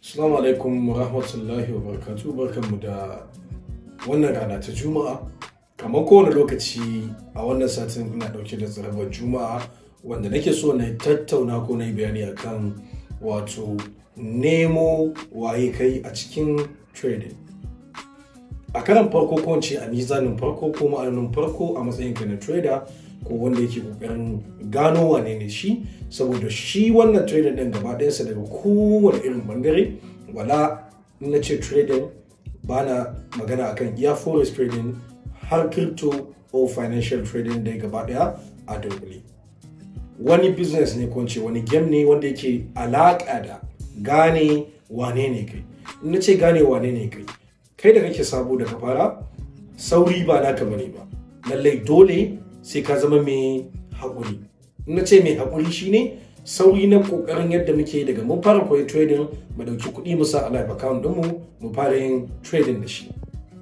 Assalamu alaikum wa rahmatullahi wa barakatu barkanmu da wannan rana ta Juma'a. Kamar kowane lokaci a wannan satin ina dauke da zarabar Juma'a wanda nake so na tattauna ko na yi bayani akan wato nemo waye kai a cikin trading. A karan farko ko a mizanin farko ko ma'anin farko a matsayin ka na trader ko wanda yake kokarin gano wane ne shi saboda shi wannan trading din gaba ɗaya sa daga kowane irin bangare wala na ce trading ba na magana akan iya forex trading har crypto or financial trading dai gaba ɗaya a dunkule wani business ne ko wani game ne wanda yake alaƙa da gane wane ne kai na ce gane wane ne kai kai da kake sabo daga fara sauri ba naka bane ba lallai dole sai ka zama mai haƙuri in na ce mai haƙuri shine sauri na ƙoƙarin yadda muke daga mun fara koyi trading mu ɗauki kuɗi mu sa a live account ɗinmu mu fara yin trading da shi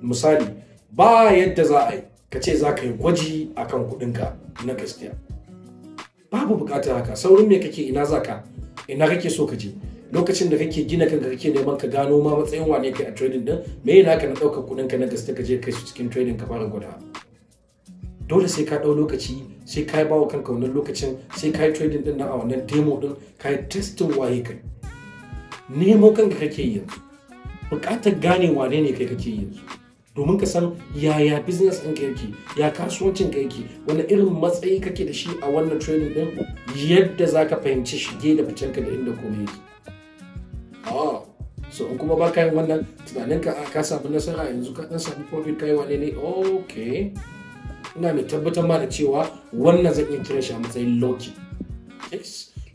misali ba yadda za a yi ka ce za ka yi gwaji a kan kuɗinka na gaskiya babu buƙatar haka saurin me kake ina za ka ina kake so ka je lokacin da kake gina kanka kake neman ka gano ma matsayin wane kai a trading din me yana ka na ɗaukar kuɗinka na gaske ka je kai su cikin trading ka fara gwada dole sai ka ɗau lokaci sai ka yi bawa kanka wannan lokacin sai ka yi trading ɗin na a wannan demo ɗin, ka yi testin waye kai nemo kanka kake yanzu buƙatar gane wane ne kai kake yanzu domin ka san yaya business ɗin ka yake ya kasuwancin ka yake wani irin matsayi kake da shi a wannan trading ɗin, yadda za ka fahimci shige da ficen ka da inda komai yake ah, so in kuma baka yin wannan tunanin ka ah, ka samu nasara yanzu ka dan samu profit kai wane ne okay ina mai tabbatar ma da cewa wannan zan iya kiran shi a matsayin loki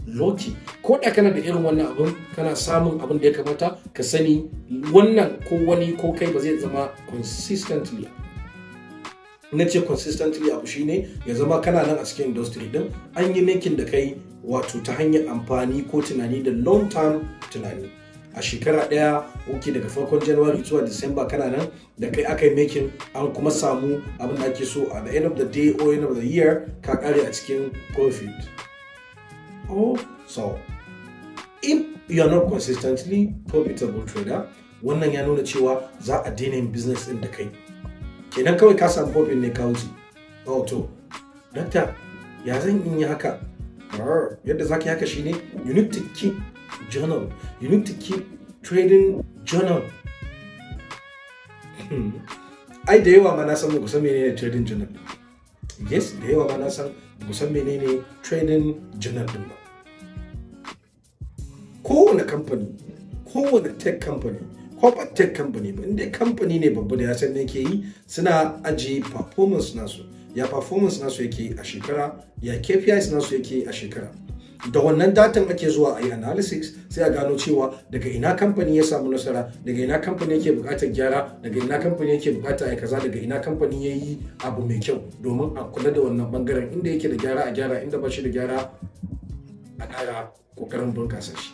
loki ko da kana da irin wannan abin kana samun abun da ya kamata ka sani wannan ko wani ko kai ba zai zama consistently na ce consistently abu shine ya zama kana nan a cikin industry din an yi makin da kai wato ta hanyar amfani ko tunani da long term tunani a shekara ɗaya oke daga farkon january zuwa disamba kana nan da kai aka yi making an kuma samu abin da ake so a the end of the day or end of the year ka kare a cikin profit oh so if you are not consistently profitable trader wannan ya nuna cewa za a daina yin business din da kai kenan kawai ka samu profit ne ka wuce oh to dakta ya zan yi haka yadda za yi haka shine you need to keep journal. You need to keep trading journal. Hmm. Ai da yawa ma na san ku san menene trading journal. Yes, da yawa ma na san ku san menene trading journal din ba. Kowane kamfani, kowane tech company, corporate tech company, inda kamfani ne babba da ya san yake yi suna ajiye performance nasu. Ya performance nasu yake a shekara, ya KPIs nasu yake a shekara. da wannan datan ake zuwa a yi analysis sai a gano cewa daga ina kamfani ya samu nasara daga ina kamfani yake bukatar gyara daga ina kamfani yake bukatar ai kaza daga ina kamfani ya yi abu mai kyau domin a kula da wannan bangaren inda yake da gyara a gyara inda ba shi da gyara a ƙara kokarin bunkasa shi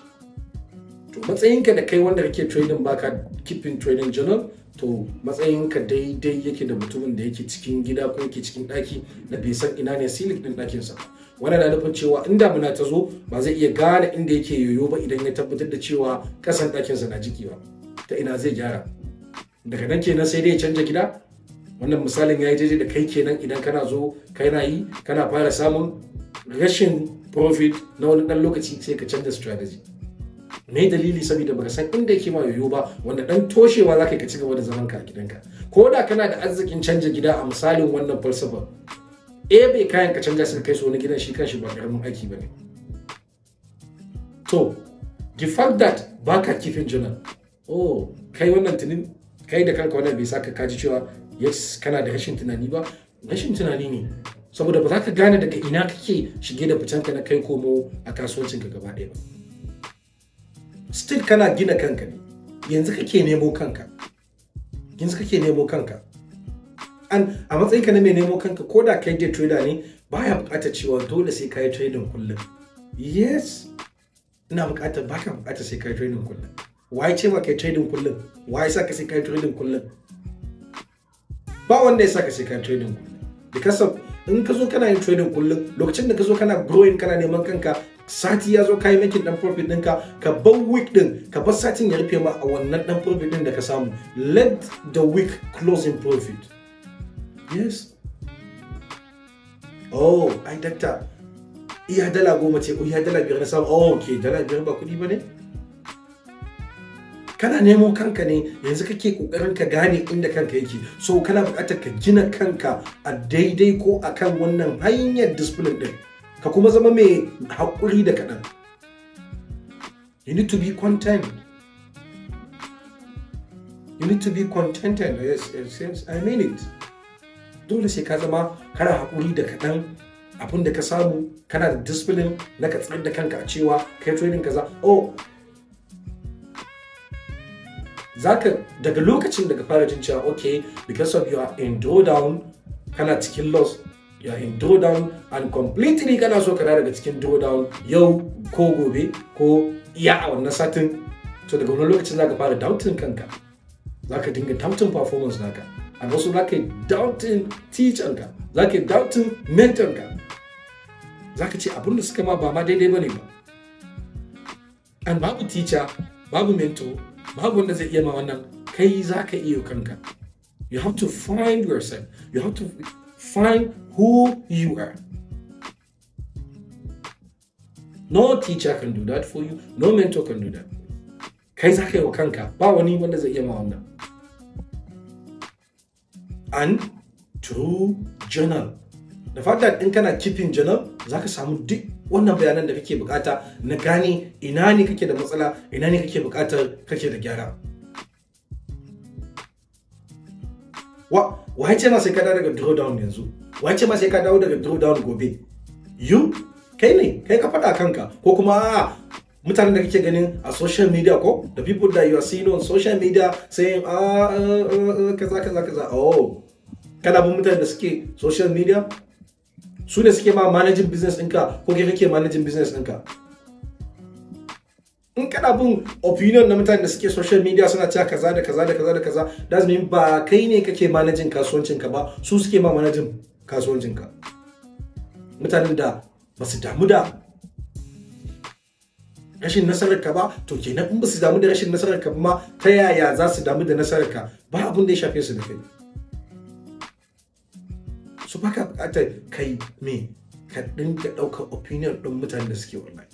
to matsayinka da kai wanda kake trading baka keeping trading journal to matsayinka daidai yake da mutumin da yake cikin gida ko yake cikin ɗaki da bai san ina ne silik din ɗakinsa sa wannan na nufin cewa inda Muna ta zo ba zai iya gane inda yake yoyo ba idan ya tabbatar da cewa kasan ɗakinsa na jiki ba ta ina zai gyara daga nan kenan sai dai ya canja gida wannan misalin ya yi daidai da kai kenan idan kana zo kai na yi kana fara samun rashin profit na wani dan lokaci sai ka canza strategy mai dalili saboda baka san inda yake ma yoyo ba wanda dan toshewa zaka ka ci gaba da zaman ka gidanka ko da kana da arzikin canja gida a misalin wannan falsafa Eh, bai kayan ka canja su kai su wani gidan shi kanshi ba karamin aiki ba ne to the fact that baka kifin juna. oh kai wannan tunin kai da kanka wannan bai sa ka kaji cewa yes kana da rashin tunani ba rashin tunani ne saboda ba za ka gane daga ina kake shige da ka na kai komo a kasuwancin ka gaba ɗaya ba still kana gina kanka ne yanzu kake nemo kanka yanzu kake nemo kanka an a matsayin ka na mai nemo kanka ko da kai day trader ne baya bukata cewa dole sai kai trading kullum yes ina bukata baka bukata sai kai trading kullum wai ce ba kai trading kullum wai sa ka sai kai trading kullum ba wanda ya sa ka sai kai trading kullum because of in ka zo kana yin trading kullum lokacin da ka zo kana growing kana neman kanka sati ya zo kayi making dan profit ɗinka ka bar week din ka bar satin ya rufe ma a wannan dan profit din da ka samu let the week close in profit yes oh ai dakta iya dala goma ce iya dala biyar na samu oh ke dala biyar ba kuɗi ba ne kana nemo kanka ne yanzu kake kokarin ka gane inda kanka yake so kana buƙatar ka gina kanka a daidai ko akan wannan hanyar discipline din ka kuma zama mai haƙuri da kaɗan you need to be content you need to be contented yes, yes, yes i mean it dole sai ka zama kana haƙuri da kaɗan abin da ka samu kana da discipline na ka tsayar da kanka a cewa kai training kaza oh zaka daga lokacin daga fara jin cewa okay because of your endo down kana cikin loss ya in do down and completely kana so kana daga cikin do down yau ko gobe ko iya a wannan satin to daga wani lokacin zaka fara doubting kanka zaka dinga doubting performance naka a wasu za ka doubting teacher za ka a doubting mentor ka za ka ce abin da suka ma ba ma daidai ba ne ba an babu teacher babu mentor babu wanda zai iya ma wannan kai za ka iya kanka you have to find yourself you have to find who you are no teacher can do that for you no mentor can do that kai za ka yi wa kanka ba wani wanda zai iya ma wannan and true journal fact that in kana keeping journal za ka samu duk wannan bayanan da kake bukata na gane ina ne kake da matsala ina ne kake bukatar kake da gyara wa wai ce ma sai ka dawo daga drawdown yanzu wai ce ma sai ka dawo daga drawdown gobe you kai ne kai ka faɗa kanka ko kuma mutanen da kake ganin a social media ko the people that you are seeing on social media saying ah uh, uh, uh, kaza kaza kaza oh kana bin mutane da suke social media su ne suke ma managing business ɗinka ko kai kake managing business ɗinka in kana bin opinion na mutane da suke social media suna cewa kaza da kaza da kaza da kaza that's mean ba kai ne kake manajin kasuwancinka ba su suke ma manajin kasuwancinka mutanen da ba su damu da rashin nasararka ba to kenan in ba su damu da rashin nasararka ba ta yaya za su damu da nasararka ba abin da ya shafe su da kai su baka bukatar kai me ka dinga ɗaukar opinion ɗin mutane da suke online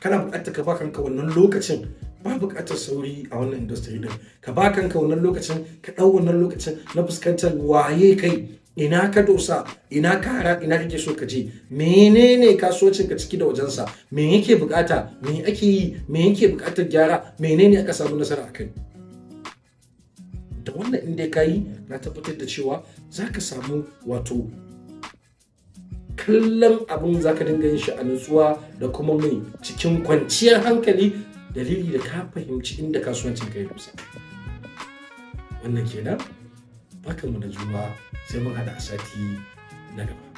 kana bukatar ka ba kanka wannan lokacin ba bukatar sauri a wannan industry din ka ba kanka wannan lokacin ka ɗau wannan lokacin na fuskantar waye kai ina ka dosa ina ka hara ina kake so ka je menene kasuwancin ka ciki da wajensa me yake bukata me ake yi me yake bukatar gyara menene aka samu nasara a kai? da wannan in dai yi na tabbatar da cewa za ka samu wato kallon abin za ka dinga yin shi a nutsuwa da kuma mai cikin kwanciyar hankali dalili da ka fahimci inda kasuwancin ka yi kusa wannan kenan baka mu da juma sai mun hada a sati na gaba